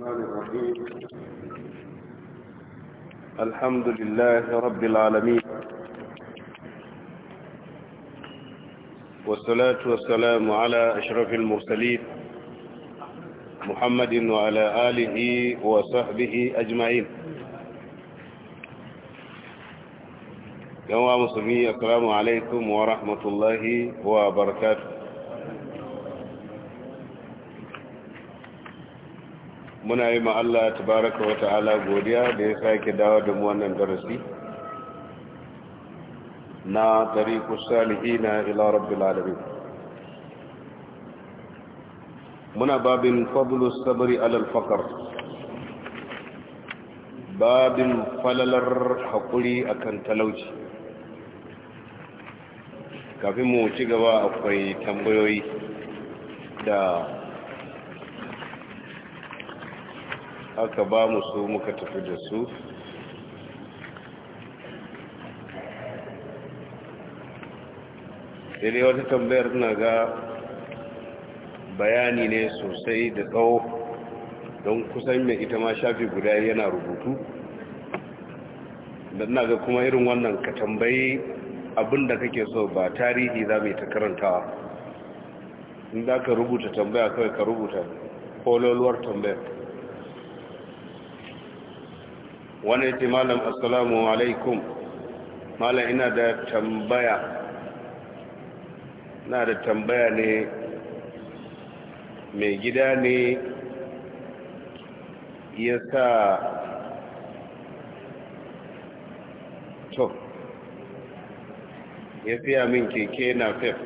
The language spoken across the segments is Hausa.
الرحمن الرحيم الحمد لله رب العالمين والصلاة والسلام على أشرف المرسلين محمد وعلى آله وصحبه أجمعين يوم مسلمي السلام عليكم ورحمة الله وبركاته muna yi ma Allah ta baraka wa ta'ala godiya da ya sake dawo da mu wannan darasi na tariqu salihina ila rabbil alamin muna babin fadlu sabri ala al-faqr babin falalar hakuri akan talauci kafin mu ci gaba akwai tambayoyi da aka ba mu su muka tafi da su dai wata tambayar na ga bayani ne sosai da tsawo don kusan mai ita ma shafi guda yana rubutu don na ga kuma irin wannan ka tambayi abinda kake so ba tarihi za mai ta karantawa in za ka rubuta tambaya kawai ka rubuta kololuwar tambayar wani ya ce malam assalamu alaikum malam ina da tambaya na da tambaya ne mai gida ne ya sa tof. ya fiya min keke na fef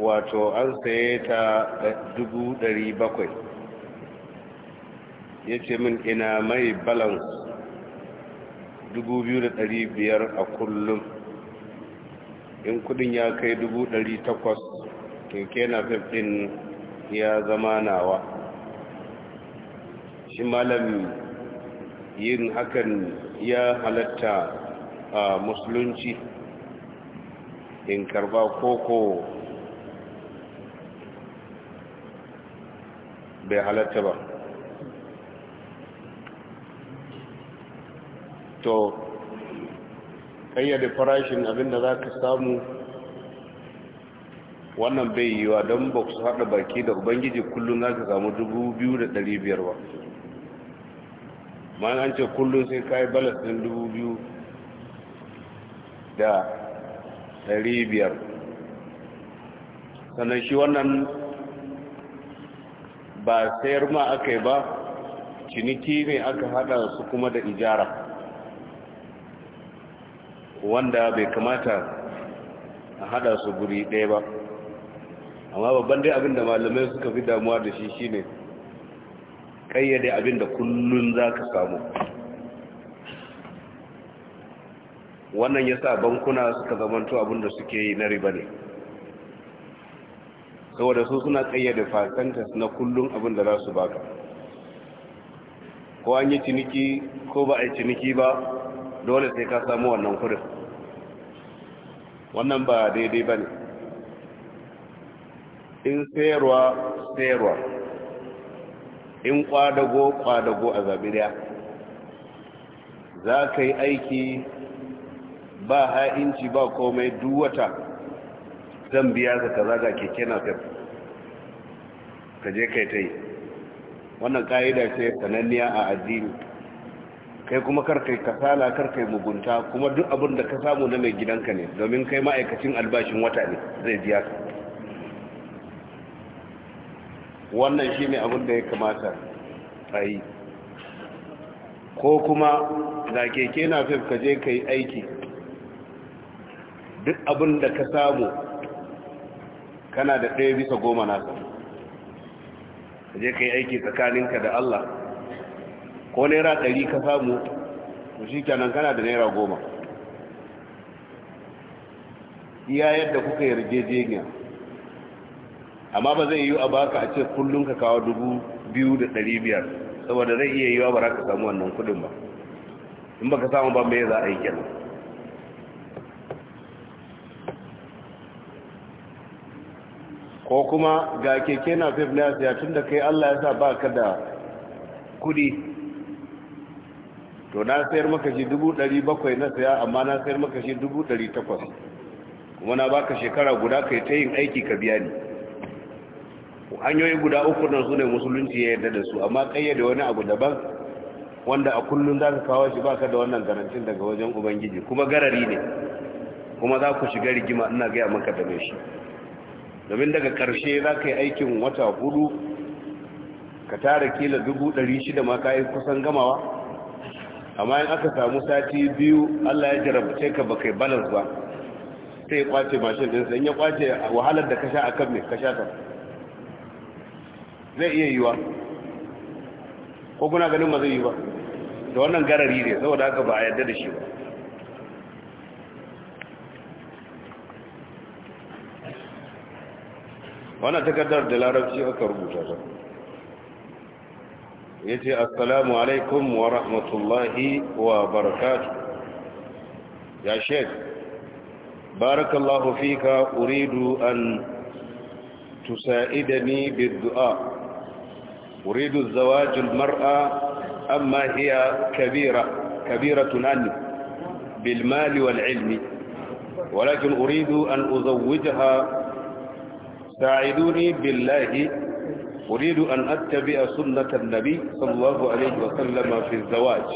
wato an saye ta 700 ya ce min ina mai balan 2,500 a kullum in kudin ya kai 800 keke na 15 ya zama nawa shi malam yin hakan ya halatta a musulunci in karba koko bai halatta ba to kayyade farashin abinda za ka samu wannan bai yi wa don ba su haɗa baki da ubangiji kullum za ka samu 2,500 ba ma an ce kullum sai ka yi da ɗin 2,500 sannan shi wannan ba sayar ma aka yi ba ciniki ne aka haɗa su kuma da ijara wanda bai kamata a hada su guri ɗaya ba amma babban dai abinda malamai suka fi damuwa da shi shine kayyade abinda kullun za ka samu wannan ya sa bankuna suka zamanto abinda suke yi na riba ne saboda su suna kayyade fasantas na kullun abinda za su baka ko an yi ciniki ko ba a yi ciniki ba dole sai ka samu wannan kudin wannan ba daidai ba ne in sayarwa sayarwa in kwadago kwadago a zabiriya za ka yi aiki ba ha'inci ba komai duwata zan biya ka kaza keke na ka je kai ta yi wannan ka'ida ce sananniya a addini kai kuma karkai kasala karkai mugunta kuma duk abin da ka samu na mai gidanka ne domin kai ma'aikacin albashin wata ne zai biya ka wannan shi ne abin da ya kamata a yi ko kuma da keke na fif ka je ka yi aiki duk abin da ka samu kana da ɗaya bisa goma nasa ka je ka yi aiki tsakaninka da Allah ko naira ɗari ka samu to shi kenan kana da naira goma iya yadda kuka yarjejeniya amma ba zai yi a baka a ce kullum ka kawo dubu biyu da ɗari biyar saboda zai iya yiwa ba za ka samu wannan kudin ba in ba ka samu ba mai za a yi kenan ko kuma ga keke na fif na tun da kai allah ya sa ba ka da kudi to na sayar maka shi dubu ɗari bakwai na saya amma na sayar maka shi dubu ɗari takwas kuma na baka shekara guda ka yi ta yin aiki ka biya ni hanyoyi guda uku nan su ne musulunci ya yarda da su amma da wani abu daban wanda a kullum za ka kawo shi baka da wannan garantin daga wajen ubangiji kuma garari ne kuma za ku shiga rigima ina gaya maka da shi domin daga karshe za ka yi aikin wata hudu ka tara kila dubu ɗari shida ma ka yi kusan gamawa amma in aka samu sati biyu Allah ya jarabce ka ba kai balas ba sai ya kwace mashin din sai ya kwace wahalar da ka sha akan ne ka sha ta zai iya yiwa ko kuna ganin ma zai yi ba da wannan garari ne saboda haka ba a yarda da shi ba wannan takardar da larabci aka rubuta ta يجي السلام عليكم ورحمة الله وبركاته يا شيخ بارك الله فيك أريد أن تساعدني بالدعاء أريد الزواج المرأة أما هي كبيرة كبيرة عني بالمال والعلم ولكن أريد أن أزوجها ساعدوني بالله أريد أن أتبع سنة النبي صلى الله عليه وسلم في الزواج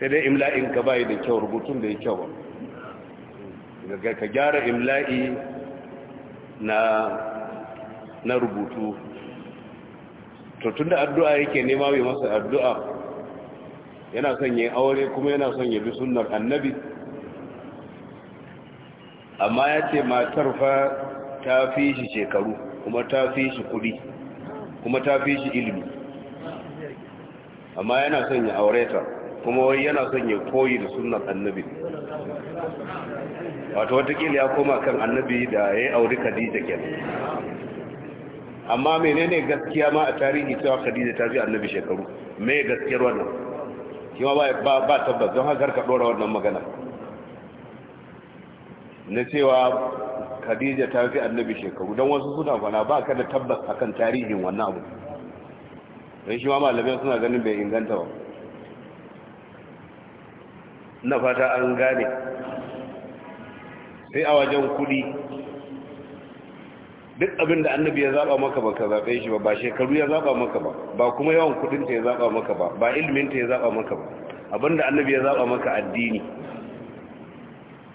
سيدي إملاء كباي دي كور بطن دي كور كجار إملاء na na rubutu to tunda addu'a yake nema mai masa addu'a yana son yin aure kuma yana son ya bi sunnar annabi amma ya ce matar fa ta fi shi shekaru kuma ta fi shi kudi kuma ta fi shi ilimi amma yana son ya aure ta kuma wai yana son ya koyi da sunan annabi wato watakila ya koma kan annabi da ya yi auri khadija kenan amma menene gaskiya ma a tarihi cewa khadija ta fi annabi shekaru me gaskiyar wannan Kima ba ba tabbas don haka ka dora wannan magana na cewa khadija ta fi annabi shekaru don wasu suna fana ba ka da tabbas akan tarihin wannan abu don shi ma malamai suna ganin bai inganta ba na fata an gane sai a wajen kudi duk abin da annabi ya zaba maka ba ka zaɓe shi ba ba shekaru ya zaba maka ba ba kuma yawan kudinta ya zaba maka ba ba ilminta ya zaba maka ba abin da annabi ya zaba maka addini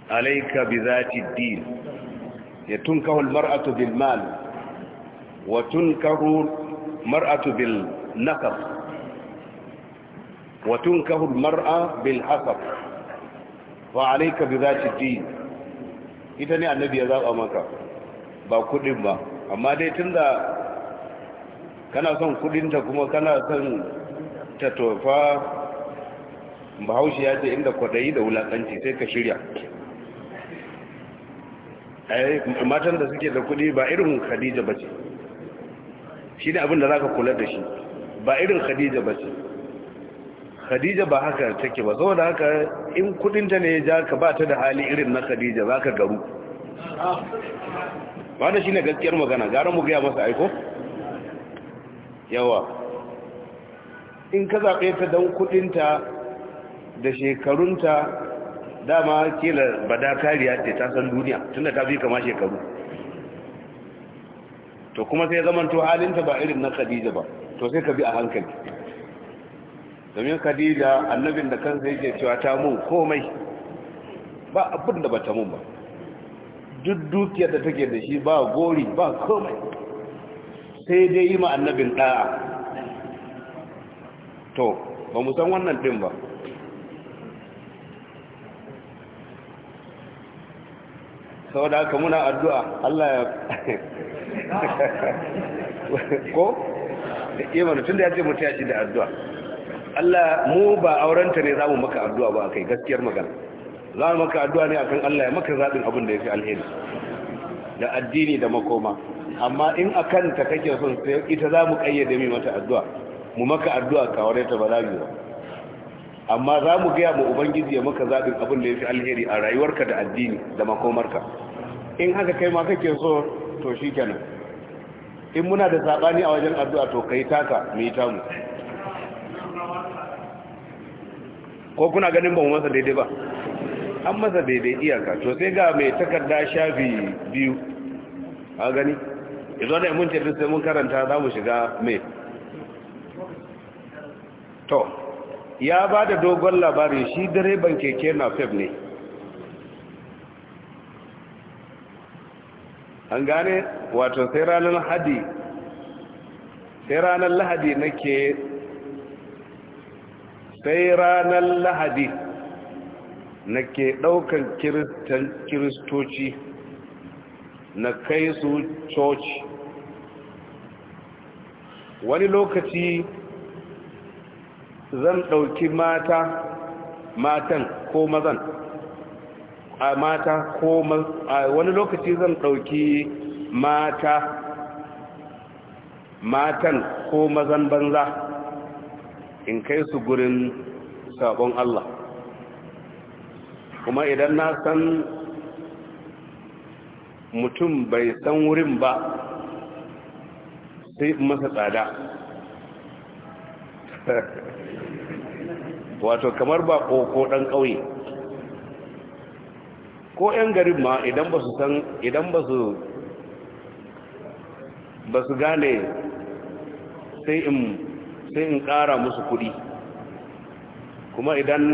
alaika bi zati din ya tunkahu almar'atu bil mal wa tunkahu mar'atu bil nasab wa tunkahu almar'a bil hasab fa alayka bi dhati din ita ne annabi ya zaba maka ba kudin ba amma dai tunda kana son ta kuma kana son ta tofa bahaushe ya ce inda kwadayi da wulakanci sai ka shirya Eh, matan da suke da kudi ba irin khadija ba ce shi ne abin da za ka kula da shi ba irin khadija ba ce khadija ba haka take ba saboda haka in kudinta ne ya ja ka ba ta da hali irin na khadija za ka garu ba da shi ne gaskiyar magana gara mu gaya masa aiko yawa in ka zaɓe ta don kudinta da shekarunta dama kila bada kariya ce ta san duniya tunda ta fi kama shekaru to kuma sai zaman to halinta ba irin na khadija ba to sai ka bi a hankali domin khadija annabin da kansa yake cewa ta mun komai ba abin da bata mun ba duk dukiyar da take da shi ba gori ba komai sai dai yi ma annabin da'a to ba mu san wannan din ba saboda haka muna addu'a Allah ya ko imanu eh tun da ya ce mutu ya shi da addu'a Allah mu ba aurenta ne za mu maka addu'a ba kai gaskiyar magana za mu maka addu'a ne akan Allah ya maka zaɓin abin da ya fi alheri da addini da makoma amma in a kanta kake son sai ita za mu ƙayyade mai mata addu'a mu maka addu'a ka aure ta ba za mu ba amma za mu gaya ma ubangiji ya maka zaɓin abin da ya fi alheri a rayuwarka da addini da makomarka in haka kai ma kake so to shi kenan in muna da saɓani a wajen addu'a to kai taka mai tamu ko kuna ganin ba mu masa daidai ba an masa daidai iyaka to sai ga mai takarda shafi biyu a gani izo da mun ce sai mun karanta za mu shiga mai to ya ba da dogon labari shi direban keke na fef ne an gane wato sai ranar lahadi sai ranar lahadi nake sai ranar lahadi nake daukan kiristoci na kai su coci wani lokaci zan ɗauki mata matan ko mazan a mata ko wani lokaci zan ɗauki mata matan ko mazan banza in kai su gurin sabon Allah kuma idan na san mutum bai san wurin ba sai masa tsada wato kamar ba ko dan kauye. ko 'yan garin ma idan ba su san idan ba su ba su gane sai in ƙara musu kuɗi kuma idan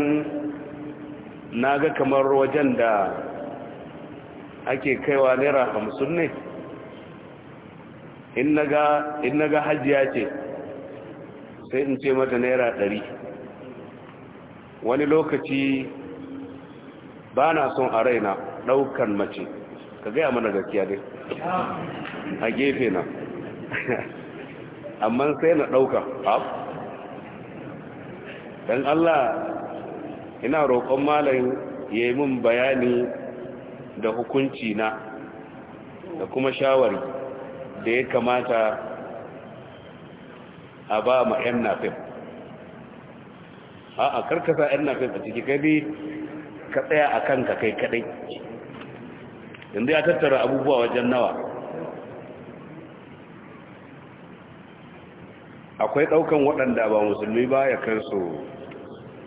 na ga kamar wajen da ake kaiwa naira hamsin ne in na ga hajiya ce sai in ce mata naira ɗari wani lokaci ba na son a raina ɗaukan mace ka gaya mana gaskiya dai a gefe na amma sai na ɗauka don allah ina roƙon malayin ya yi min bayani da hukunci na da kuma shawari da ya kamata a ba ma yan nafin a a karkasa yan nafin a ciki bi ka tsaya a kanka kai kadai yanzu ya tattara abubuwa wajen nawa akwai daukan waɗanda ba musulmi ba ya kansu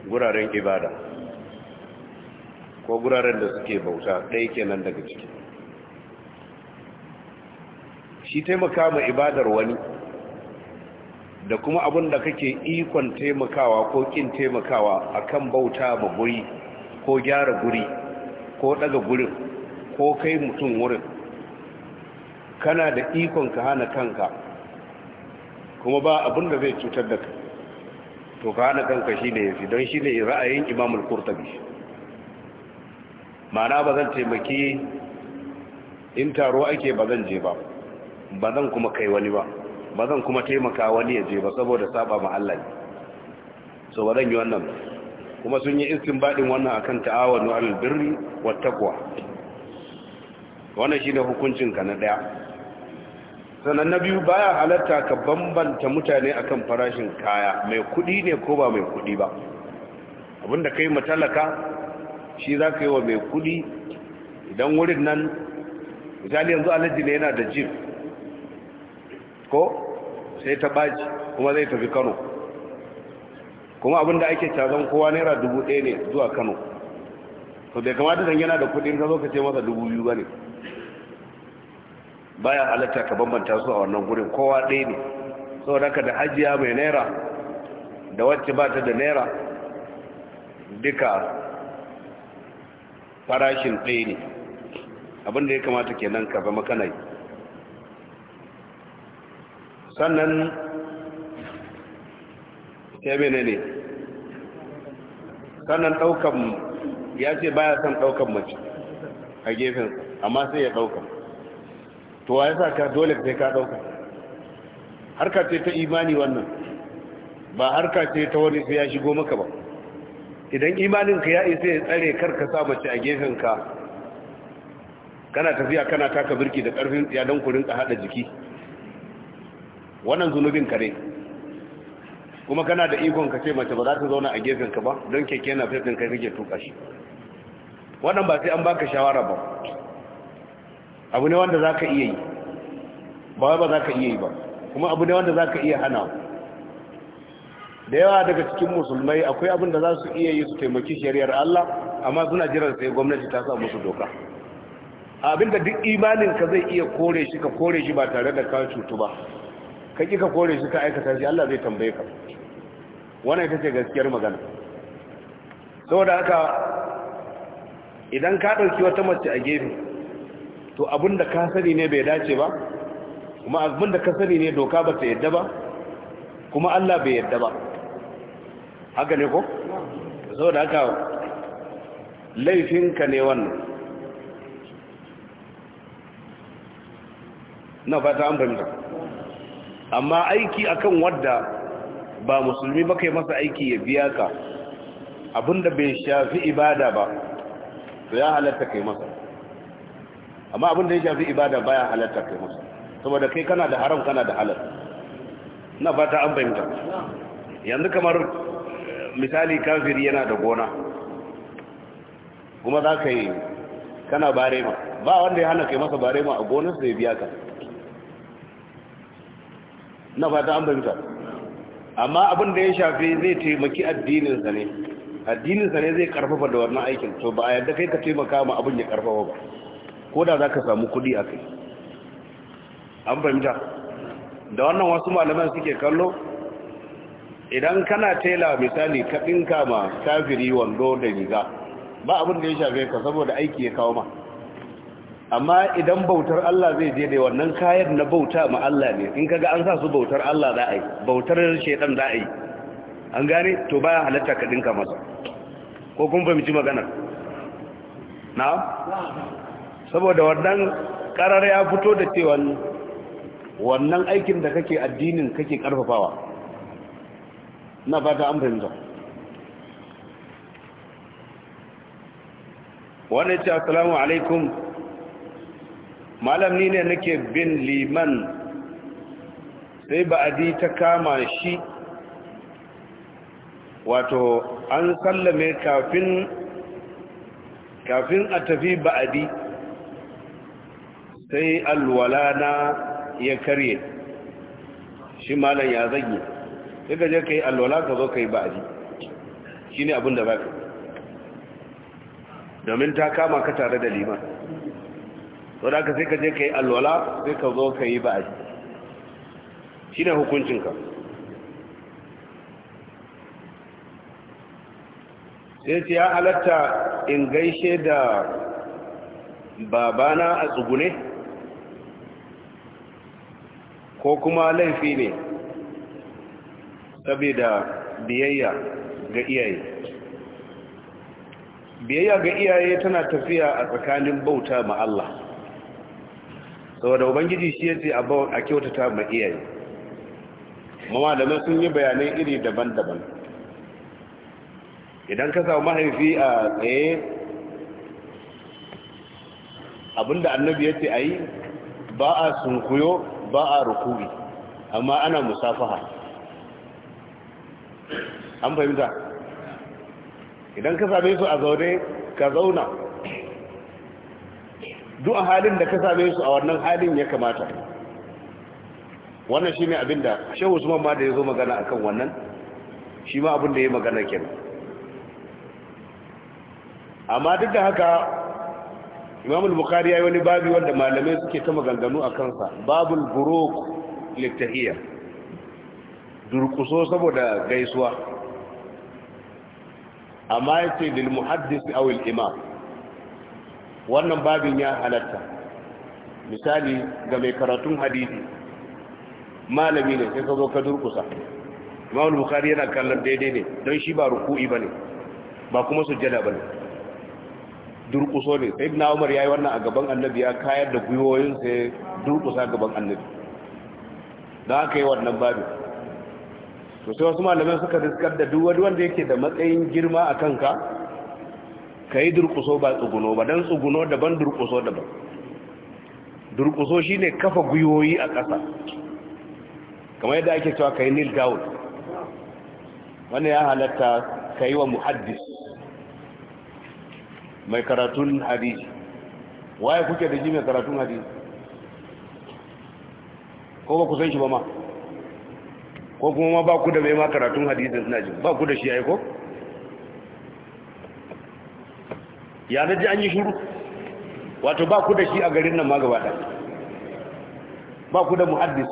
guraren ibada ko guraren da suke bauta ɗaya kenan daga ciki shi taimaka ma ibadar wani da kuma abin da kake ikon taimakawa ko kin taimakawa a kan bauta ba guri ko gyara guri ko daga gurin ko kai mutum wurin kana da ikon ka hana kanka kuma ba abin da zai cutar da ka to ka hana kanka shi ne yafi don shi ne ra'ayin Imamul kurtabi ma'ana ba zan taimaki in taro ake ba zan je ba ba zan kuma kai wani ba ba zan kuma taimaka wani ya je ba saboda saba ma Allah ne so ba zan yi wannan kuma sun yi iskin baɗin wannan akan ta'awanu alal birri wat taqwa wannan shine hukuncin ka na daya sannan na biyu baya halarta ka bambanta mutane akan farashin kaya mai kudi ne ko ba mai kudi ba abinda kai matalaka shi za ka yi wa mai kuɗi idan wurin nan misali yanzu alhaji ne yana da jif ko sai ta baji kuma zai tafi kano kuma abin da ake cazon kowa naira dubu ɗaya ne zuwa kano to bai kamata zan yana da kudin ka zo ka ce masa dubu biyu ba ne baya halatta ka bambanta su a wannan gurin kowa ɗaya ne saboda ka da hajiya mai naira da wacce ba ta da naira duka farashin ɗaya ne abinda ya kamata kenan ka zama kana sannan ya mene ne sannan ɗaukan ya ce baya son ɗaukan mace a gefen amma sai ya ɗauka to wa ya sa ka dole sai ka ɗauka harka ce ta imani wannan ba harka ce ta wani sai ya shigo maka ba idan imaninka ya isa ya tsare karka sa mace a gefen ka kana tafiya kana taka birki da ƙarfin don ku rinka haɗa jiki wannan zunubin ka ne kuma kana da ikon ka ce mace ba za ta zauna a gefen ka ba don keke na fesin kai kake tuka shi wannan ba sai an baka shawara ba abu ne wanda zaka iya yi ba ba zaka iya yi ba kuma abu ne wanda zaka iya hana da yawa daga cikin musulmai akwai abin da za su iya yi su taimaki shari'ar Allah amma suna jiran sai gwamnati ta sa musu doka abinda duk imanin ka zai iya kore shi ka kore shi ba tare da ka cutu ba ka ki ka kore shi ka aikata shi Allah zai tambaye ka wannan ita ce gaskiyar magana saboda haka idan ka ɗauki wata mace a gefe to abin da ka sani ne bai dace ba kuma abin da ka sani ne doka ba ta yadda ba kuma Allah bai yadda ba haka ne ko? saboda haka laifinka ne wannan na fata an bambam amma aiki akan wadda ba musulmi ba kai masa aiki ya biya ka abinda bai shafi ibada ba to ya halatta kai masa amma abinda ya shafi ibada ba ya halatta kai masa saboda kai kana da haram kana da halal na ba an bayyana yanzu kamar eh, misali kafiri yana da gona kuma za ka yi kana barema ba wanda ya hana kai masa barema a gonarsa ya biya ka na fata an fahimta amma abin da ya shafi zai taimaki addininsa ne addininsa ne zai karfafa da wannan aikin to ba a yadda kai ka taimaka ma abin ya karfafa ba ko da za ka samu kudi a kai an fahimta da wannan wasu malaman suke kallo idan kana tela misali ka ɗinka ma kafiri wando da riga ba abin da ya shafe ka saboda aiki ya kawo ma amma idan bautar Allah zai je da wannan kayan na bauta ma Allah ne in kaga an sa su bautar Allah za a yi bautar shaitan za a yi an gane to baya halatta ka dinka masa ko kun fahimci magana, na saboda wannan karar ya fito da cewa wannan aikin da kake addinin kake karfafawa na fata an fahimta wannan ce assalamu alaikum malam ni ne nake bin liman sai ba'adi ta kama shi wato an sallame kafin kafin a tafi ba'adi sai alwalana ya karye shi malam ya zagi sai ka je ka yi alwala ka zo ka yi ba'adi shi ne abin da ba ka domin ta kama ka tare da liman da ka sai ka je ka yi alwala sai ka zo ka yi ba'a shi ne hukuncinka sai ce ya halatta in gaishe da babana a tsugune ko kuma laifi ne saboda biyayya ga iyaye biyayya ga iyaye tana tafiya a tsakanin bauta ma Allah saboda ubangiji shi yace abba a kyautata ma iyaye malamai sun yi bayanai iri daban-daban idan ka samu mahaifi a tsaye abinda annabi yace ayi ba a sunkuyo ba a rukubi amma ana musafaha an fahimta idan ka same su a zaune ka zauna duk a halin da ka same su a wannan halin ya kamata wannan shi ne abinda shehu usman ma da ya zo magana akan wannan shi ma abinda ya magana kenan amma duk da haka imamul bukari ya yi wani babi wanda malamai suke ta maganganu a kansa babul buruk littahiyya durkuso saboda gaisuwa amma ya ce lil muhaddis awil imam wannan babin ya halatta misali ga mai karatun hadisi malami ne sai ka zo ka durkusa imam bukhari yana kallon daidai ne don shi ba ruku'i bane ba kuma sujjada bane durkuso ne sai na umar yayi wannan a gaban annabi ya kayar da guyoyin sai durkusa gaban annabi da aka yi wannan babu to sai wasu malaman suka riskar da duk wanda yake da matsayin girma a kanka ka yi durkuso ba tsuguno ba don tsuguno daban durkuso daban durkuso shi ne kafa gwiwoyi a ƙasa kamar yadda ake cewa ka yi nil down wani ya halatta ka yi wa muhaddis mai karatun hadisi waye kuke da ji mai karatun hadisi ko ba ku san shi ba ma ko kuma ma ba ku da mai ma karatun da suna ji ba ku da shi ya yi ko? ya ji an yi shuru wato ba ku da shi a garin nan ma gaba ba ku da muhaddis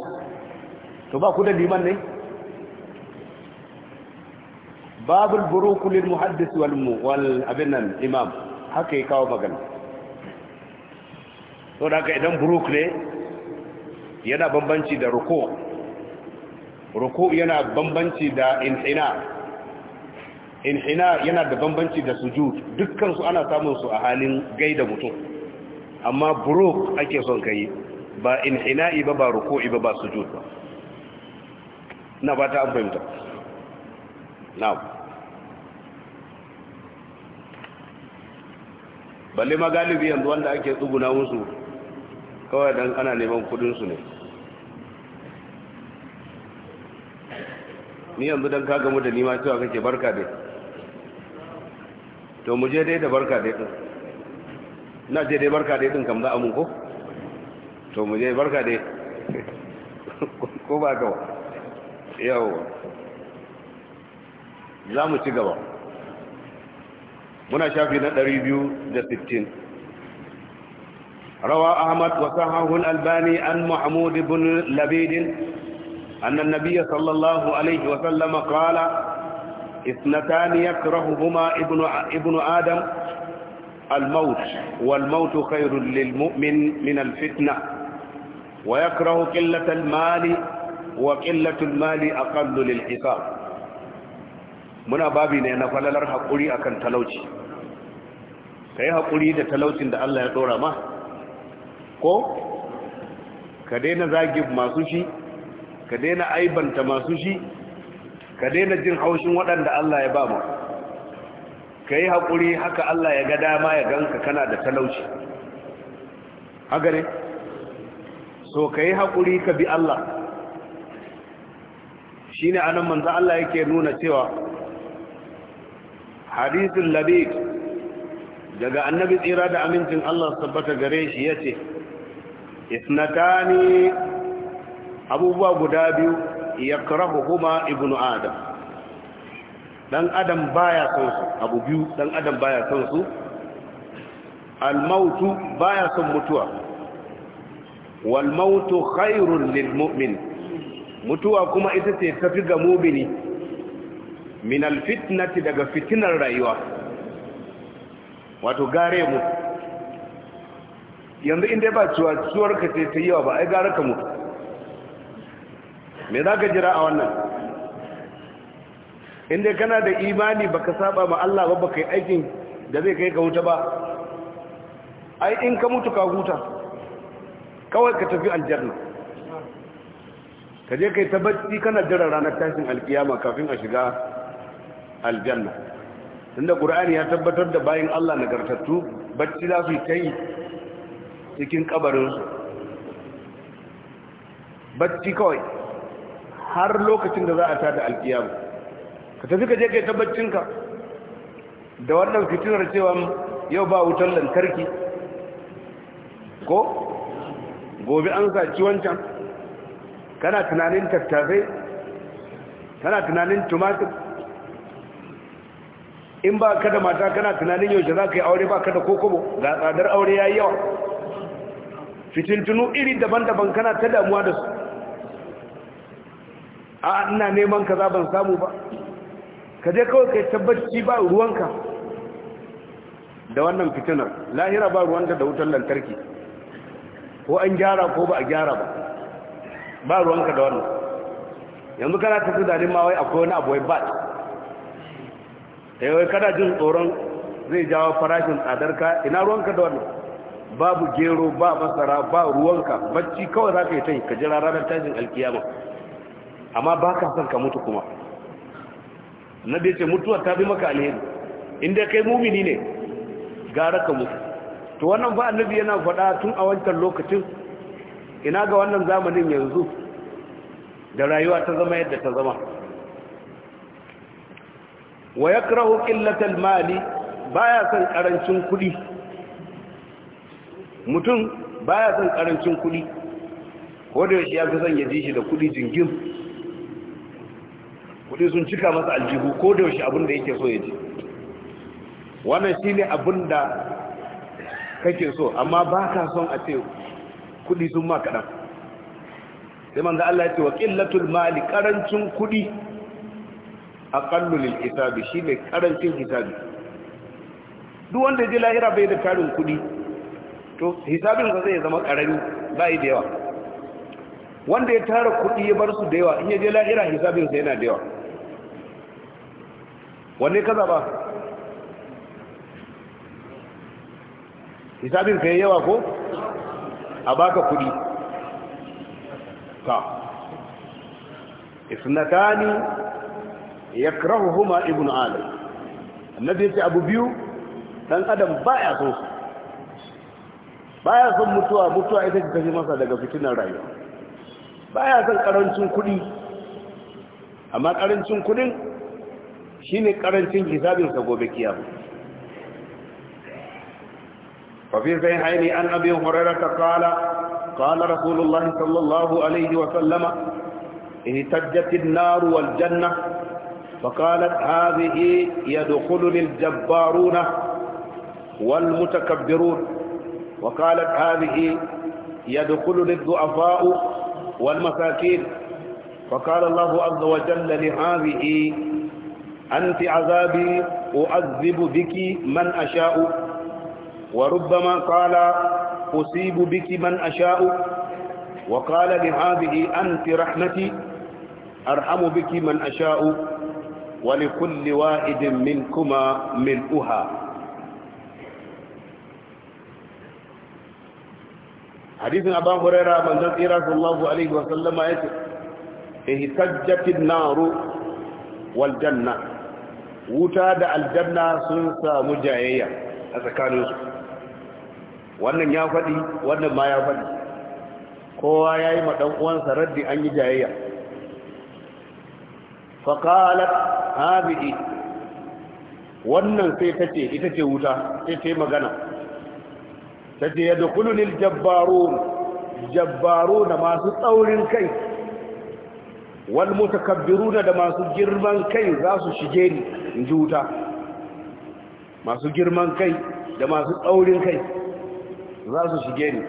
to ba ku da liman ne babul buruku lil muhaddis wal wal abinan imam haka ya kawo magana to da idan buruk ne yana bambanci da ruku ruku yana bambanci da intina inhina yana da bambanci da sujud dukkan su ana samun su a halin gaida mutum amma buruk ake son kai ba inhina ba ba ruku'i ba ba sujud ba na ba ta an fahimta balle ma galibi yanzu wanda ake tsuguna musu kawai dan ana neman kudin su ne ni yanzu dan ka gamu da nima cewa kake barka dai to mu je dai da barka dai din na je dai barka dai din kam za mu ko to mu je barka dai ko ba ga yau za mu ci gaba muna shafi na 215 rawa ahmad wa sahahu al-albani an muhammad ibn labid anna an-nabiy sallallahu alaihi wa sallam qala اثنتان يكرههما ابن ابن آدم الموت والموت خير للمؤمن من الفتنة ويكره قلة المال وقلة المال أقل للحساب muna babi ne na falalar haƙuri akan talauci ka yi haƙuri da talaucin da Allah ya ɗora ma ko ka daina zagib masu shi ka daina aibanta masu shi ka daina jin haushin waɗanda Allah ya ba mu ka yi haƙuri haka Allah ya ga dama ya ganka kana da talauci haka ne so ka yi haƙuri ka bi Allah shi ne anan manza Allah yake nuna cewa hadisin labi daga annabi tsira da amincin Allah tabbata gare shi ya ce isnatani abubuwa guda biyu huma ibnu adam dan adam baya son su abu biyu dan adam baya son su al-maut baya son mutuwa wal maut khairun lil mu'min mutuwa kuma ita ce tafi ga mu'mini min al-fitnati daga fitinar rayuwa wato gare mu yanzu inda ba ciwa ciwar ka ce ta yawa ba ai gare ka mutu me za ka jira a wannan inda kana da imani baka saba ma Allah ba baka yi aikin da zai kai ka huta ba ai in ka mutu ka huta kawai ka tafi aljanna ka je kai tabbaci kana jira ranar tashin alkiyama kafin a shiga aljanna tunda qur'ani ya tabbatar da bayin Allah nagartattu bacci za su yi kai cikin kabarin bacci kawai har lokacin da za a tada alkiyama ka tafi ka je kai tabbacinka da wannan fitinar cewa yau ba wutar lantarki ko gobe an saci wancan kana tunanin tattafai kana tunanin tumatir in ba ka da mata kana tunanin yaushe za ka yi aure ba ka da kokobo ga tsadar aure ya yi yawa fitintunu iri daban-daban kana ta damuwa da su a ina neman kaza ban samu ba ka je kawai kai tabbaci ba ruwanka da wannan fitinar lahira ba ruwanka da wutar lantarki ko an gyara ko ba a gyara ba ba ruwanka da wannan yanzu kana ta da ma wai akwai wani abu Ta ba yawai eh, kada jin tsoron zai jawo farashin tsadar ka ina ruwanka da wannan babu gero ba masara ba ruwanka bacci kawai za ka yi ta yi ka jira ranar tashin alkiyama amma ba ka son ka mutu kuma na da ce mutuwar ta bi maka alheri inda kai mumini ne gara ka mutu to wannan ba annabi yana faɗa tun a wancan lokacin ina ga wannan zamanin yanzu da rayuwa ta zama yadda ta zama wa yakrahu qillatal mali baya son karancin kudi mutum baya son karancin kudi ko da yake ya ga son ya ji shi da kudi jingin kuɗi sun cika masa aljihu ko da yaushe abin da yake so ya ji wannan shi ne abin da kake so amma ba ka son a ce kuɗi sun ma kaɗan sai manzan Allah ya ce wa qillatul mali karancin kuɗi aqallu isabi hisabi shine karancin hisabi duk wanda ji lahira bai da tarin kuɗi to hisabin ka zai zama ƙarari ba yi da yawa wanda ya tara kuɗi ya bar su da yawa in ya je lahira hisabin sa yana da yawa wanne ka zaba hisabin ka yi yawa ko a baka kudi ta isnatani huma ibnu adam annabi yace abu biyu dan adam baya so su baya son mutuwa mutuwa ita ce tafi masa daga fitinar rayuwa baya son karancin kudi amma karancin kudin shine karancin hisabinsa gobe kiyama وفي الصحيحين عن ابي هريره قال قال رسول الله صلى الله عليه وسلم اهتجت النار والجنه فقالت هذه يدخل للجبارون والمتكبرون وقالت هذه يدخل للضعفاء والمساكين فقال الله عز وجل لهذه أنت عذابي أعذب بك من أشاء وربما قال أصيب بك من أشاء وقال لهذه أنت رحمتي أرحم بك من أشاء ولكل واحد منكما ملؤها حديث أبا هريرة من ذكر صلى الله عليه وسلم يقول آية، سجت النار والجنة wuta da aljanna sun samu jayayya a tsakaninsu wannan ya faɗi wannan ma ya faɗi kowa ya yi maɗan'uwansa raddi an yi jayayya faƙalar habi'i wannan sai ta ce ita ce wuta sai ta yi magana ta ce yadda kulunin jabbaru jabbaru da masu tsaurin kai wal mutakabbiruna da masu girman kai za su shige ni in ji wuta masu girman kai da masu tsaurin kai za su shige ni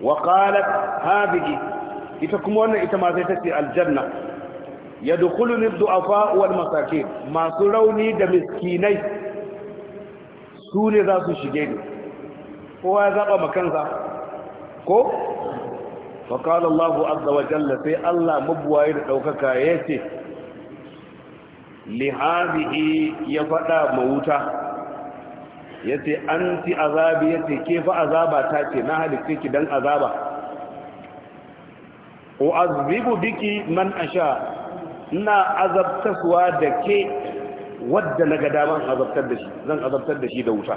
wa qalat hadhihi ita kuma wannan ita ma sai ta ce aljanna yadkhulu lid wal masakin masu rauni da miskinai su ne za su shige ni kowa ya zaba makansa ko فقال الله عز وجل في الله مبوائد دوكاكا يتي لهذه يفدا موتا yace anti azabi yace ke fa azaba ta ce na halitta ki dan azaba u'azibu biki man asha ina azabtaswa da ke wadda na daman azabtar da zan azabtar da shi da wuta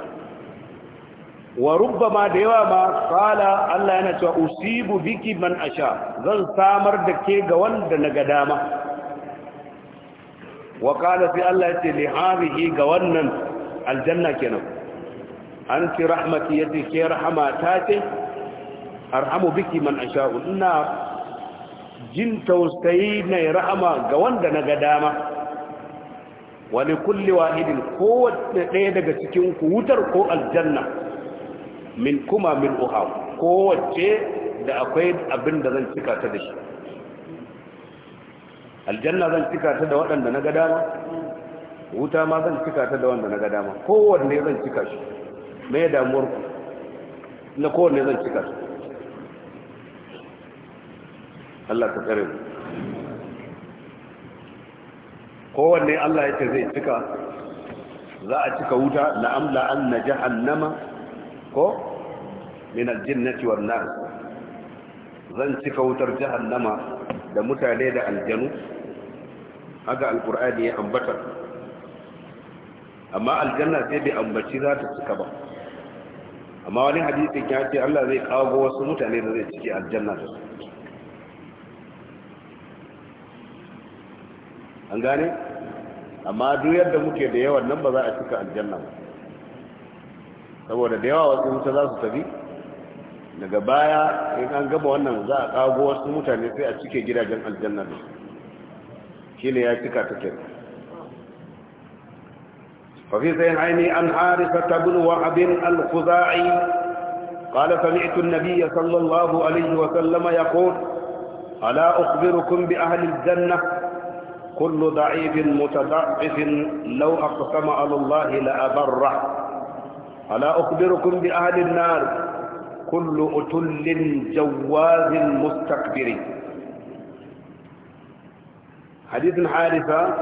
wa rubbama da yawa ma qala Allah yana cewa usibu biki man asha zan samar da ke ga wanda naga dama wa qala sai Allah yace li hadhihi ga wannan aljanna kenan anti rahmati yati ke rahama ta ce arhamu biki man asha inna jin tausayi ne rahama ga wanda naga dama wa li kulli wahidin kowace ɗaya daga cikin ku wutar ko aljanna min kuma min uha kowace da akwai abin da zan cika ta da shi aljanna zan cika ta da waɗanda na ga dama wuta ma zan cika ta da wanda na ga dama kowanne zan cika shi mai damuwar ku na kowanne zan cika shi Allah ka tsare mu kowanne Allah ya ce zai cika za a cika wuta la'amla an na jahannama ko min aljinnati wan nas zan cika wutar jahannama da mutane da aljanu haka alqur'ani ya ambata amma aljanna sai bai ambaci za ta cika ba amma wani hadisi ya ce Allah zai kawo wasu mutane da zai ciki aljanna da su an gane amma duk yadda muke da yawan nan ba za a cika aljanna ba saboda da yawa wasu wuta za su tafi daga baya in an gaba wannan za a kago wasu mutane sai a cike gidajen aljanna ne shine ya cika ta kenan ففي ذهن عن حارثة بن وعب الخزاعي قال سمعت النبي صلى الله عليه وسلم يقول ألا أخبركم بأهل الجنة كل ضعيف متضعف لو أقسم على الله لأبره ألا أخبركم بأهل النار كل أتل جواز مستكبر حديث حارثة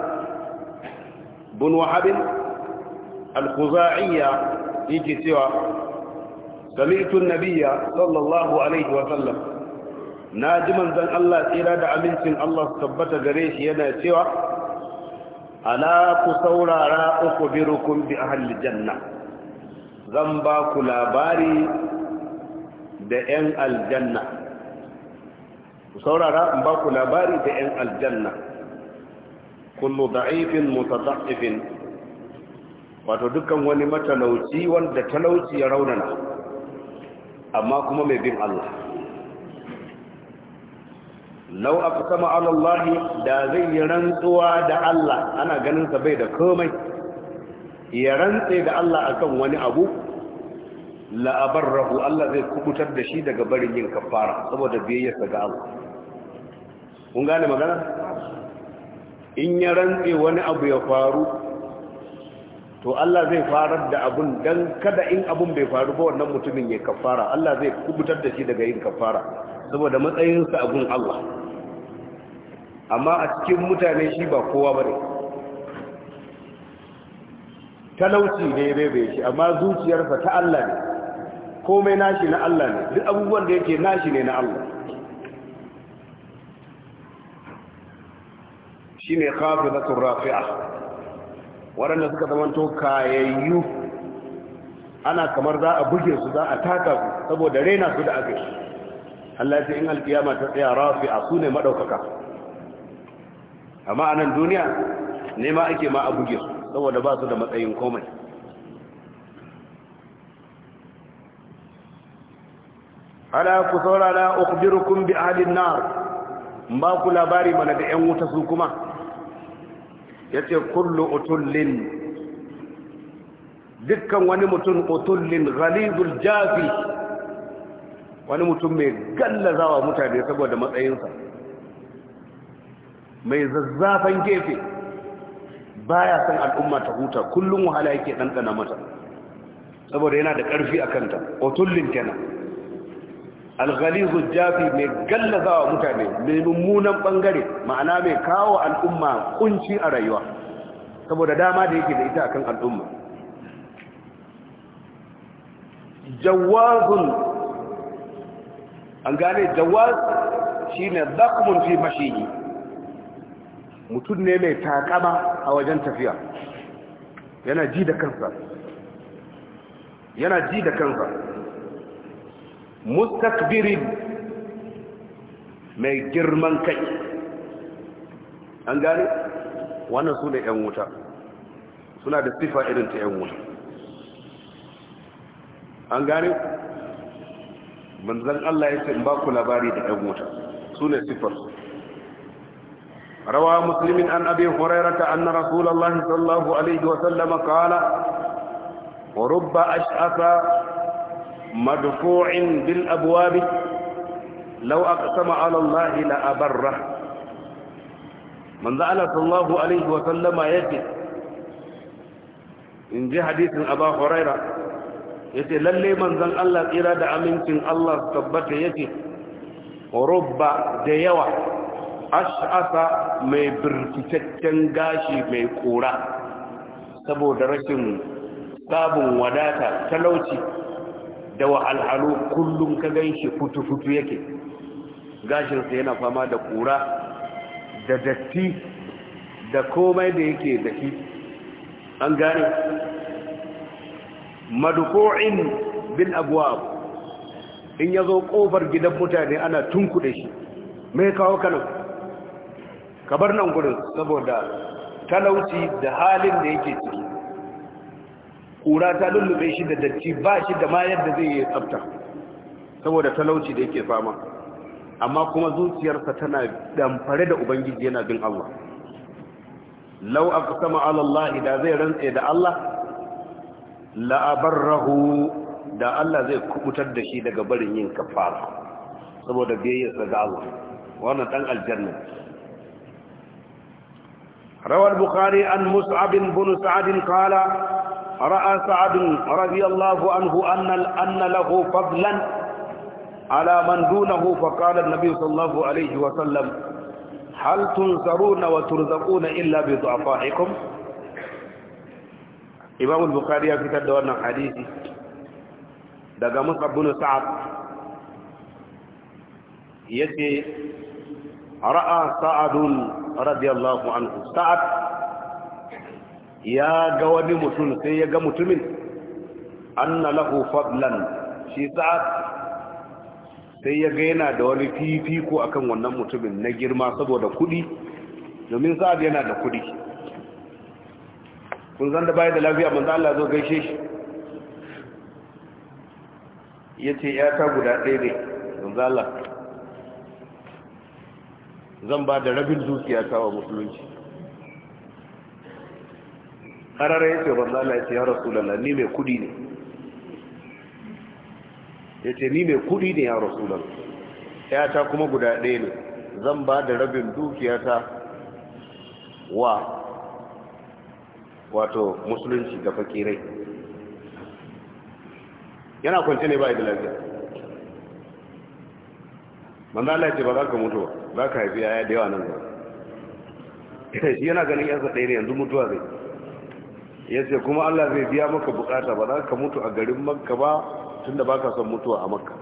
بن وهب الخزاعية يجي سوى سمعت النبي صلى الله عليه وسلم ناجما ذن الله دع أمنسن الله ثبت غريش ينا سوى ألا تصور لا أخبركم بأهل الجنة ذنبا ba باري da 'yan aljanna ku saurara in ba ku labari da 'yan aljanna kullu da'ifin mutata'ifin wato dukkan wani matalauci wanda talauci ya raunana amma kuma mai bin Allah lau aka sama alallahi da zai yi rantsuwa da Allah ana sa bai da komai ya rantse da Allah akan wani abu Rahu, Allah zai kubutar da shi daga barin yin kafara saboda biyayyarsa ga Allah kun gane magana in ya rantse wani abu ya faru to Allah zai farar da abun dan kada in abun bai faru ba wannan mutumin ya kafara Allah zai kubutar da shi daga yin kafara saboda matsayinsa abun Allah amma a cikin mutane shi ba kowa bane talauci ne bai bai shi amma zuciyarsa ta Allah ne komai nashi na Allah ne duk abubuwan da yake nashi ne na Allah shi ne kafin na rafi'a waɗanda suka zamanto kayayyu ana kamar za a buge su za a taka su saboda rena su da aka yi Allah ce in alkiyama ta tsaya rafi'a su ne maɗaukaka amma a nan duniya nema ake ma a buge su saboda ba su da matsayin komai ala ku saurara ukhbirukum bi ahlin nar ba ku labari mana da yan wuta su kuma yace kullu utullin dukkan wani mutum utullin ghalibul jafi wani mutum mai gallazawa mutane saboda matsayinsa mai zazzafan gefe baya san al'umma ta huta kullum wahala yake ɗanɗana mata saboda yana da ƙarfi a kanta otullin kenan alghalizu jafi mai gallazawa mutane mai mummunan bangare ma'ana mai kawo al'umma kunci a rayuwa saboda dama da yake da ita akan al'umma jawazun an gane jawaz shine zakmun fi mashigi, mutum ne mai takama a wajen tafiya yana ji da kansa yana ji da kansa mustakbirin mai girman kai an wannan su ne 'yan wuta suna da siffa irin ta 'yan wuta an gane manzan Allah ya ce ba ku labari da 'yan wuta su ne sifarsu روى مسلم عن أبي هريرة an na الله صلى الله عليه وسلم قال ورب أشعث madfu'in bil abwabi law aqsama ala Allah la abarra manzo Allah sallallahu alaihi wa sallama yace in ji hadisin Abu Huraira yace lalle manzon Allah tsira da amincin Allah tabbata yace rubba da yawa ash'asa mai birkitaccen gashi mai kora saboda rashin sabon wadata talauci da wahalhalu kullum ka gan shi futu-futu yake gashinsa yana fama da kura da datti da komai da yake da shi an gane maduko'in bin abuwa in ya zo ƙofar gidan mutane ana tunkuɗe shi mai kawo kanan kabar nan gudun saboda talauci da halin da yake ciki ƙura ta lullube shi da datti ba shi da ma yadda zai yi tsafta saboda talauci da yake fama amma kuma zuciyarsa tana damfare da ubangiji yana bin Allah lau aka sama Allah da zai rantse da Allah la'abarrahu da Allah zai kubutar da shi daga barin yin kafara saboda biyayyarsa ga Allah wannan dan aljanna rawar bukhari an mus'ab bin sa'ad qala رأى سعد رضي الله عنه أن أن له فضلا على من دونه فقال النبي صلى الله عليه وسلم هل تنصرون وترزقون إلا بضعفائكم إمام البخاري في تدورنا حديثي daga Mus'ab bin Sa'ad yace ra'a رضي radiyallahu anhu Sa'ad ya ga wani mutum sai ya ga mutumin anna lahu fadlan shi sa'ad sai ya ga yana da wani fifiko akan wannan mutumin na girma saboda kudi domin sa'ad yana da kudi kun zan da baya da lafiya manzo Allah zo gaishe shi yace ya ta guda ɗaya ne manzo Allah zan ba da rabin dukiya ta wa musulunci karara ya ce banza Allah ya ce ya rasulallah ni mai kudi ne ya ce ni mai kudi ne ya rasulallah ya ta kuma guda ɗaya ne zan ba da rabin dukiyata wa wato musulunci ga fakirai yana kwanci ne ba da lafiya manzo Allah ce ba za ka mutu ba za ka haifi yi da yawa nan ba shi yana ganin yansa ɗaya ne yanzu mutuwa zai ya ce kuma Allah zai biya maka bukata ba za ka mutu a garin makka ba tunda ba ka son mutuwa a makka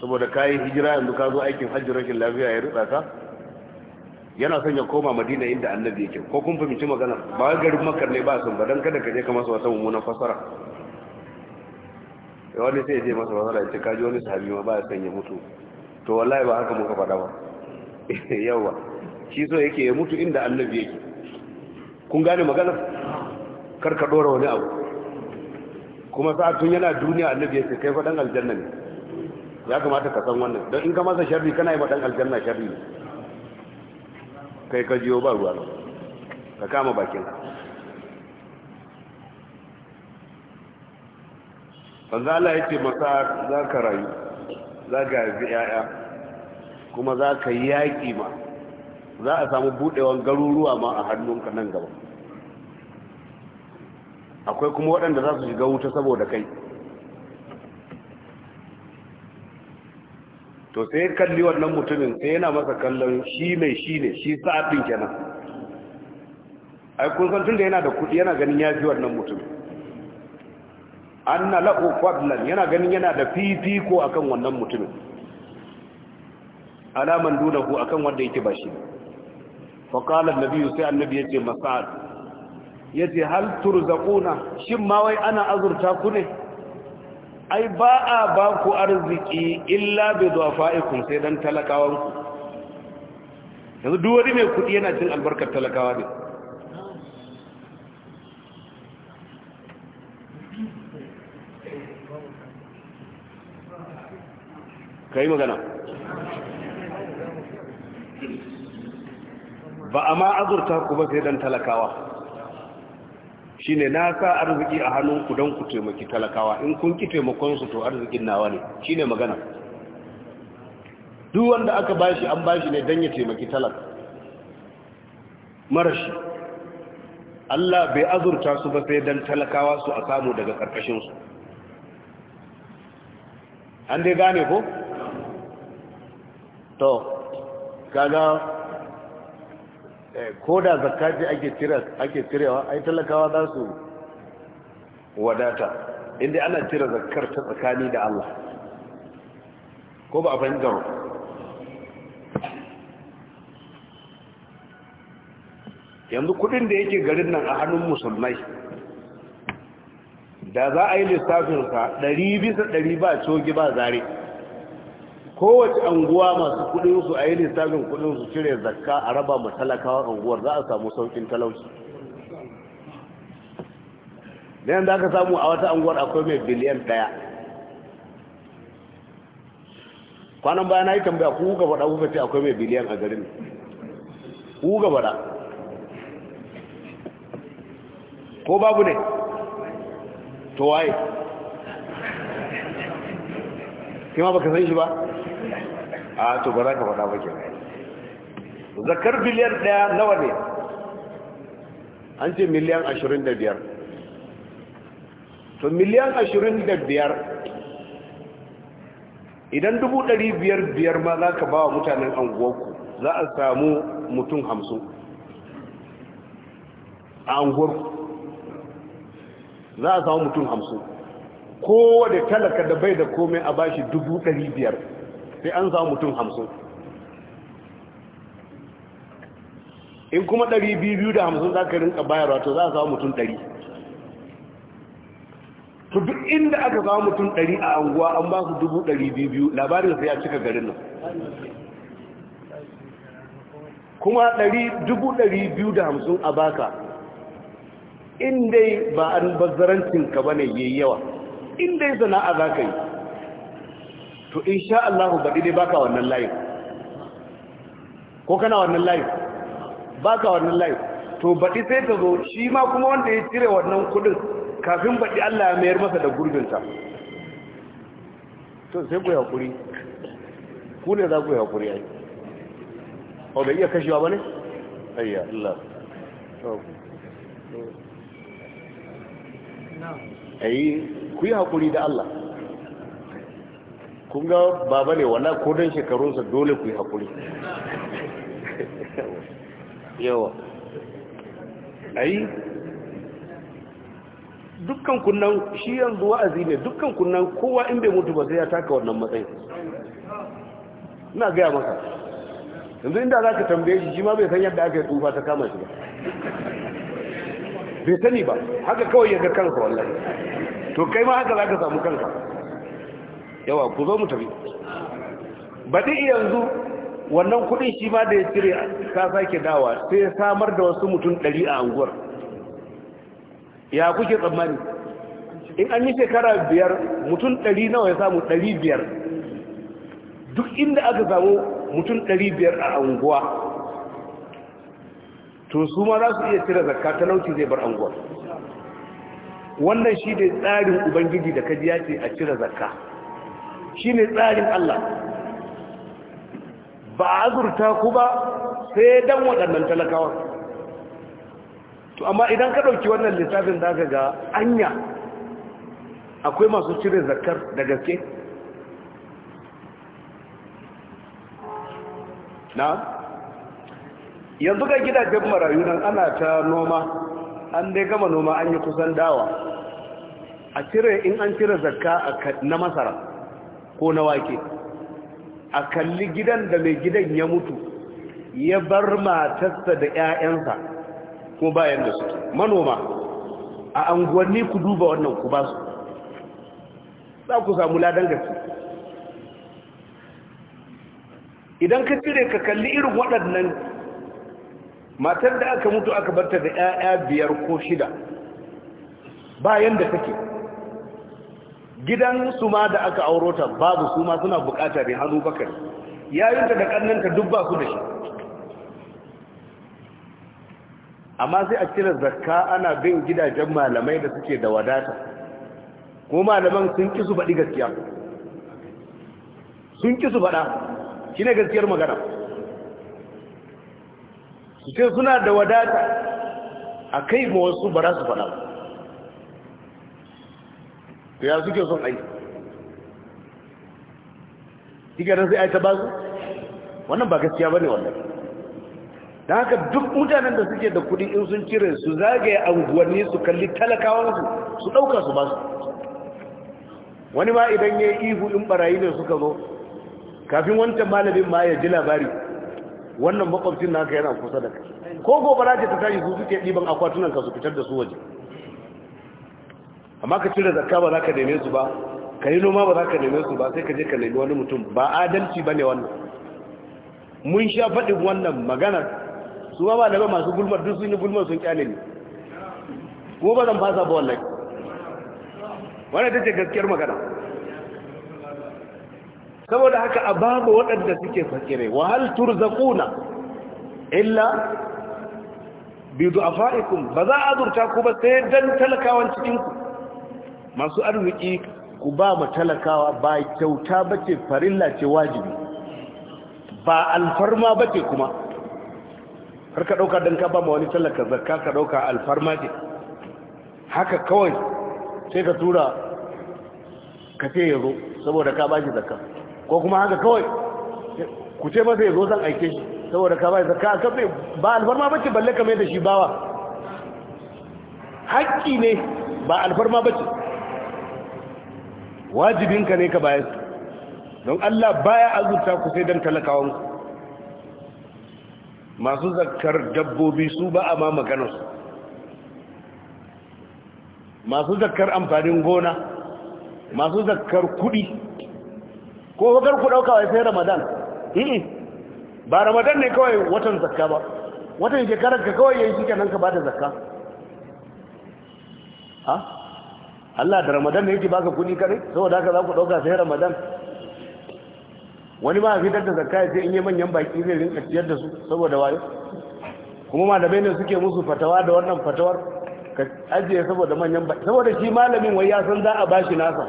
saboda ka yi hijira yanzu ka zo aikin hajji rashin lafiya ya rutsa ka yana son ya koma madina inda annabi yake ko kun fahimci magana ba garin makka ne ba son ba don kada ka je ka masa wata mummunan fasara ya wani sai ya je masa fasara ya ce kaji wani sahabi ma ba ya son ya mutu to wallahi ba haka muka faɗa ba yawa shi so yake ya mutu inda annabi yake kun gane maganar karka dora wani abu kuma tun yana duniya annabi ya kai kai dan aljanna ne ya kamata ka san wannan don in ka masa sharri kana yi dan aljanna sharri kai ka jiyo ba ruwa ka kama bakin ba Allah ya ce masa za ka rayu za ka yi 'ya'ya kuma za ka yi yaƙi ma za a samu buɗewan garuruwa ma a hannunka nan gaba akwai kuma waɗanda za su shiga wuta saboda kai to sai kalli wannan mutumin sai yana masa kallon shi mai shi ne shi sa'adin kenan ai kun san tunda yana da kuɗi yana ganin ya fi wannan mutum anna lahu fadlan yana ganin yana da fifiko akan wannan mutumin alaman dunahu akan wanda yake ba shi fa qala an sai annabi yace masa'ad ce hal turzaquna shin ma wai ana azurta ku ne ai ba a ba ku arziki illa bi du'afaikum sai dan talakawan ku yanzu duk wani mai kudi yana cin albarkar talakawa ne kai magana ba a ma azurta ku ba sai dan talakawa shine na sa arziki a hannunku don ku taimaki talakawa in kun ki taimakon su to arzikin nawa ne shine magana duk wanda aka bashi an bashi ne don ya taimaki talaka marashi Allah bai azurta su ba sai don talakawa su a samu daga ƙarƙashinsu an dai gane ko? to kaga Eh, ko da zakkaki ake tira ake tirewa ai talakawa za su wadata inda ana cire zakkar ta tsakani da Allah ko ba a fahimtar ba yanzu kudin da yake garin nan a hannun musulmai da za a yi lissafinsa ɗari bisa ɗari ba cogi ba zare kowace anguwa masu kudin su a yi lissafin kudin su cire zakka a raba ma talakawa anguwar za a samu saukin talauci da yanda aka samu a wata anguwar akwai mai biliyan daya kwanan bayan na yi tambaya ku gaba da kuka ce akwai mai biliyan a garin ku gaba da ko babu ne to waye kima baka san shi ba a to ba za ka faɗa ba ke zakar biliyan ɗaya nawa ne an ce miliyan ashirin da biyar to miliyan ashirin da biyar idan dubu ɗari biyar biyar ma za ka ba wa mutanen anguwarku za a samu mutum hamsin a anguwarku za a samu mutum hamsin kowa da talaka da bai da komai a bashi dubu ɗari biyar sai an samu mutum hamsin in kuma ɗari biyu da hamsin za ka rinka bayarwa to za a samu mutum ɗari to duk inda aka samu mutum ɗari a anguwa an ba su dubu ɗari biyu labarin sai ya cika garin nan kuma ɗari dubu ɗari biyu da hamsin a baka in dai ba an bazzarancinka ba ne yi yawa in dai sana'a za ka yi to in sha Allah baɗi dai baka wannan layin ko kana wannan layin baka wannan layin to baɗi sai ka zo shi ma kuma wanda ya cire wannan kudin kafin baɗi Allah ya mayar masa da gurbinsa to sai ku hakuri ku ne za ku yi hakuri ai o bai iya kashewa ba ne? ayya Allah ayi ku yi hakuri da Allah kun ga baba ne wala ko dan shekarunsa dole ku yi hakuri yawa ayi dukkan kunnan shi yanzu wa'azi ne dukkan kunnan kowa in bai mutu ba sai ya taka wannan matsayin ina gaya maka yanzu inda za ka tambaye shi shi ma bai san yadda aka yi tsufa ta kama shi ba bai sani ba haka kawai ya ga kansa wallahi to kai ma haka za ka samu kanka yawa ku zo mu tafi baɗi yanzu wannan kuɗin shi ma da ya cire ta sake dawa sai ya samar da wasu mutum ɗari a anguwar ya kuke tsammani in an yi shekara biyar mutum ɗari nawa ya samu ɗari biyar duk inda aka samu mutum ɗari biyar a anguwa to su ma za su iya cire zakka talauci zai bar anguwar wannan shi da tsarin ubangiji da kaji ya ce a cire zakka Shi ne tsarin Allah ba a azurta ku ba sai dan waɗannan talakawa to amma idan ka ɗauki wannan lissafin ka ga anya akwai masu cire zakar da gaske na yanzu ga gidajen marayu nan ana ta noma an dai gama noma an yi kusan dawa a cire in an cire zakka na masara ko na wake a kalli gidan da mai gidan ya mutu ya bar matarsa da 'ya'yansa ko bayan da su manoma a anguwanni ku duba wannan ku ba su za ku samu ladan gaske idan ka cire ka kalli irin waɗannan matar da aka mutu aka barta da 'ya'ya biyar ko shida bayan da take gidan su ma da aka auro ta babu su ma suna bukata ne hannu bakar ta da kannanta duk ba su da shi amma sai a cire zakka ana bin gidajen malamai da suke da wadata ko malaman sun ki su faɗi gaskiya sun ki su faɗa shi ne gaskiyar magana su ce suna da wadata a kai ma wasu ba za su faɗa ba to ya suke son ai diga da sai ai ta bazu wannan ba gaskiya bane wannan dan haka duk mutanen da suke da kudi in sun cire su zagaye anguwanni su kalli talakawan su su dauka su wani ma idan yayi ihu in barayi ne suka zo kafin wancan malamin ma ya ji labari wannan makwabcin naka yana kusa da kai ko gobara ce ta tashi su suke diban akwatunan ka su fitar da su waje amma ka cire zakka ba za ka neme su ba ka yi noma ba za ka neme su ba sai ka je ka nemi wani mutum ba adalci ba ne wannan mun sha faɗin wannan magana su ba ba daga masu gulmar duk sun yi gulmar sun kyale ne ko ba zan fasa ba wannan wannan ta ce gaskiyar magana saboda haka a babu waɗanda suke fakirai wa hal turzaquna illa bi du'afaikum ba za a zurta ku ba sai dan talakawan cikinku. masu arziki ku ba mu talakawa ba kyauta bace farilla ce wajibi ba alfarma bace kuma har ka dauka dan ka ba mu wani talaka zakka ka dauka alfarma ce haka kawai sai ka tura ka ce yazo saboda ka ba shi zakka ko kuma haka kawai ku ce masa yazo zan aike shi saboda ka ba shi zakka ka ba alfarma bace balle ka mai da shi bawa haƙƙi ne ba alfarma bace wajibinka ne ka bayar don Allah baya azurta ku sai don talakawan masu zakar dabbobi su ba a ma maganarsu masu zakar amfanin gona masu zakar kudi ko hukar ku dauka wai sai ramadan ba ramadan ne kawai watan zakka ba watan shekarar ka kawai yayi shi kenan ka bada zakka ha Allah da Ramadan ne yake baka kudi kare saboda haka za ku ɗauka sai Ramadan wani ma a fitar da zakka sai in yi manyan baki zai rinka ciyar da su saboda wayo kuma malamai ne suke musu fatawa da wannan fatawar ka ajiye saboda manyan baki saboda shi malamin wai ya san za a bashi nasa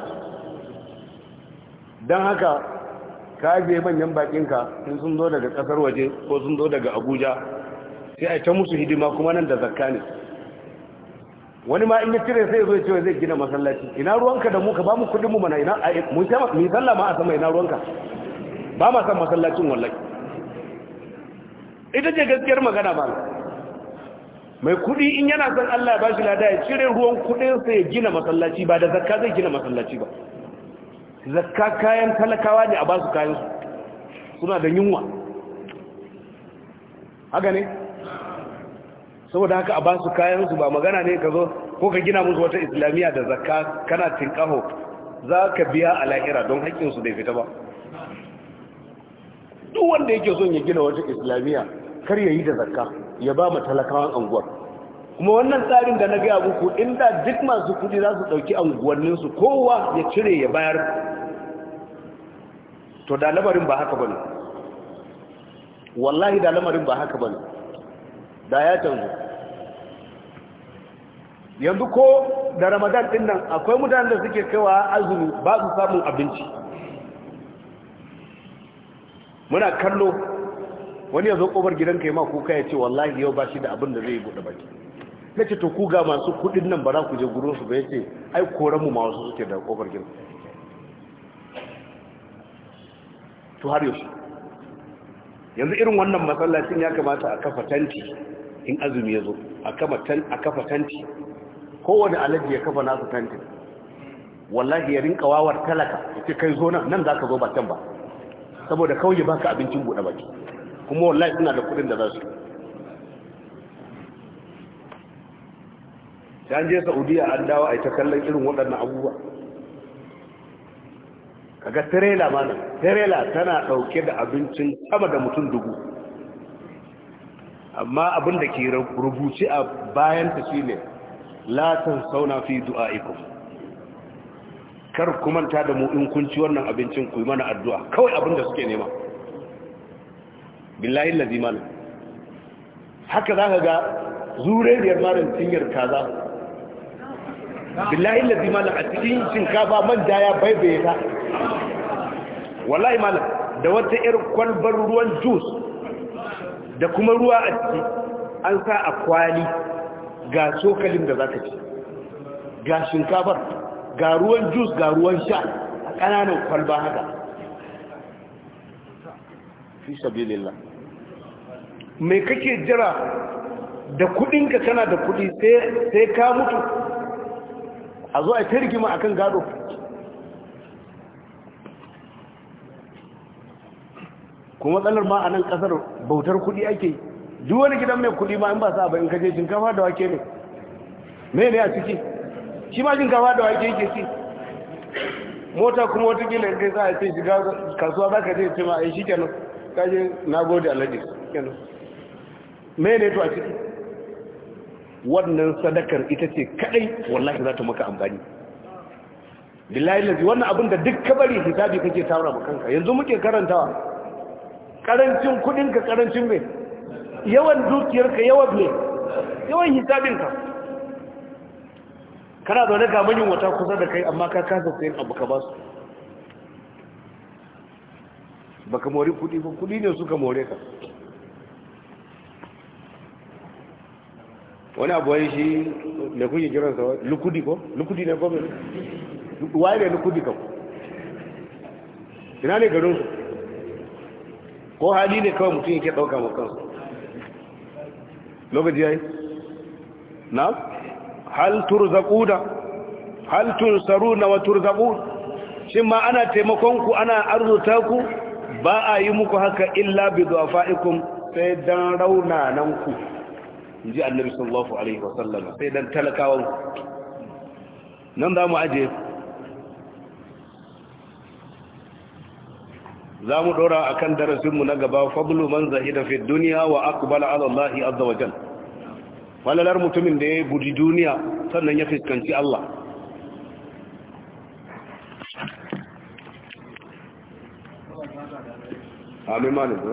don haka ka ajiye manyan bakinka in sun zo daga kasar waje ko sun zo daga abuja sai a ta musu hidima kuma nan da zakka ne wani ma in ya cire sai zai cewa zai gina masallaci ina ruwanka da mu ka ba mu kudin mu mana ina eh, mu sai mu sallah ma a sama ina ruwanka ba ma san masallacin wallahi ita ce gaskiyar magana ba mai kudi in yana son Allah ya bashi lada ya cire ruwan kudin sa ya gina masallaci ba da zakka zai gina masallaci ba zakka kayan talakawa ne a ba su kayan su suna da yunwa haka ne saboda haka a ba su kayan su ba magana ne ka zo ko ka gina musu wata islamiyya da zakka kana tinkaho za ka biya a la'ira don haƙƙin su bai fita ba duk wanda yake son ya gina wata islamiyya kar ya yi da zakka ya ba mu talakawan anguwar kuma wannan tsarin da na gaya muku inda duk masu kudi za su ɗauki anguwanninsu kowa ya cire ya bayar to da lamarin ba haka bane wallahi da lamarin ba haka bane da ya canzu yanzu ko da ramadan din nan akwai mutanen da suke kaiwa azumi ba su samun abinci muna kallo wani ya zo kofar gidanka ya ma kuka ya ce wallahi yau ba shi da abin da zai buɗe baki na ce to ku masu kuɗin nan ba za ku je su ba ya ce ai koran mu ma wasu suke da kofar gidan to har yaushe yanzu irin wannan matsalacin ya kamata a kafa tanti in azumi ya zo a kafa tanti kowane alaji ya kafa nasu tanti wallahi ya rinka wawar talaka ya ce kai zo nan nan za ka zo ba can ba saboda kawai ba ka abincin buɗe baki kuma wallahi suna da kuɗin da za su ta je saudiya an dawo a yi ta kallon irin waɗannan abubuwa kaga tirela nan tirela tana ɗauke da abincin sama da mutum dubu amma abin da ke rubuci a bayan ta shine la sauna fi du'aikum kar ku manta da mu in kun ci wannan abincin ku yi mana addu'a kawai abin da suke nema billahi allazi mana haka ka ga zure biyar marin cinyar kaza billahi allazi mana a cikin shinkafa manja ya baibaye ta wallahi malam da wata irin kwalbar ruwan juice da kuma ruwa a ciki an sa a kwali ga cokalin da za ka ci ga shinkafar ga ruwan jus ga ruwan sha a ƙananan kwalba haka fi sabilillah mai kake jira da kudinka tana da kudi sai ka mutu a zo a ta rigima akan gado kuma matsalar ma a nan kasar bautar kuɗi ake duk wani gidan mai kuɗi ma in ba sa ba in kaje shinkafa da wake ne me ne a ciki shi ma shinkafa da wake yake ci mota kuma wata gina kai za a ce shiga kasuwa za ka je ce ma shi kenan kaje na gode alade kenan me ne to a ciki wannan sadakar ita ce kadai wallahi za ta maka amfani billahi lazi wannan abin da duk kabari hisabi kake tara ba kanka yanzu muke karantawa karancin kudinka karancin mai yawan dukiyarka yawan ne yawan hisabinka kana zaune ga manyan wata kusa da kai amma ka kasa sayan abu ka basu baka mori kudi ba kudi ne suka more ka wani abu wani shi ne kuke sa lukudi ko lukudi ne ko mai waye ne lukudi ka ina ne su. ko hali ne kawai mutum yake ɗauka wa kansa lokaci ya yi na hal turzaƙuna hal tursaruna wa turzaƙun shi ma ana taimakonku ana arzuta ku ba a yi muku haka illa bi zuwa fa'ikun sai don raunananku in ji annabi sallallahu alaihi wasallam sai don talakawanku nan za mu ajiye za mu dora a kan darasinmu na gaba fablu man zahida fi duniya wa akubala alallahi azza wa falalar mutumin da ya guji duniya sannan ya fiskanci Allah amin